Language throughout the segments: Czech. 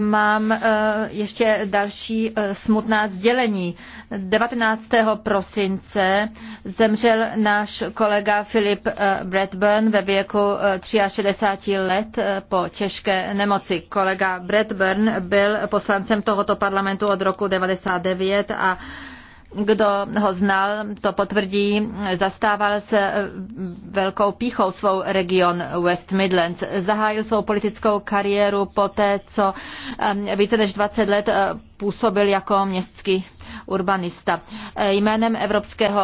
Mám eh, ještě další eh, smutná sdělení. 19. prosince zemřel náš kolega Filip eh, Bradburn ve věku 63 let po těžké nemoci. Kolega Bradburn byl poslancem tohoto parlamentu od roku 1999 a kdo ho znal, to potvrdí, zastával se eh, velkou píchou svou region West Midlands. Zahájil svou politickou kariéru poté, co eh, více než 20 let eh, působil jako městský urbanista. Eh, jménem Evropského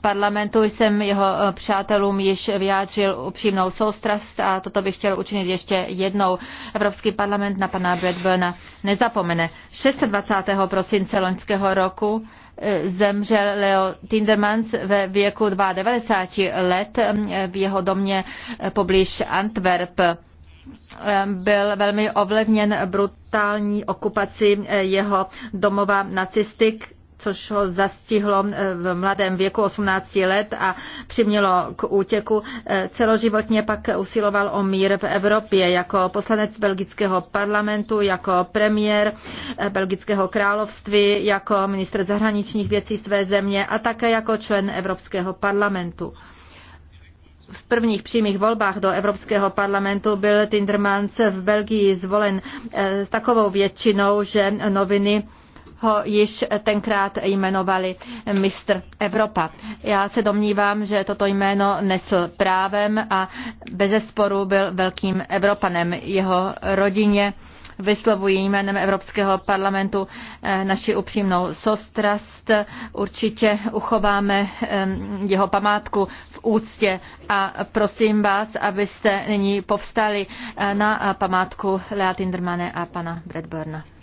parlamentu jsem jeho eh, přátelům již vyjádřil upřímnou soustrast a toto bych chtěl učinit ještě jednou. Evropský parlament na pana Bradburna nezapomene. 26. prosince loňského roku eh, zemřel Leo Tindermans ve věku 92 let v jeho domě poblíž Antwerp byl velmi ovlivněn brutální okupací eh, jeho domova nacistik, což ho zastihlo eh, v mladém věku 18 let a přimělo k útěku. Eh, celoživotně pak usiloval o mír v Evropě jako poslanec belgického parlamentu, jako premiér belgického království, jako ministr zahraničních věcí své země a také jako člen Evropského parlamentu v prvních přímých volbách do Evropského parlamentu byl Tindermans v Belgii zvolen eh, s takovou většinou, že noviny ho již tenkrát jmenovali mistr Evropa. Já se domnívám, že toto jméno nesl právem a bezesporu byl velkým Evropanem. Jeho rodině vyslovuji jménem Evropského parlamentu eh, naši upřímnou sostrast. Určitě uchováme eh, jeho památku v úctě a prosím vás, abyste nyní povstali eh, na památku Lea Tindermane a pana Bradburna.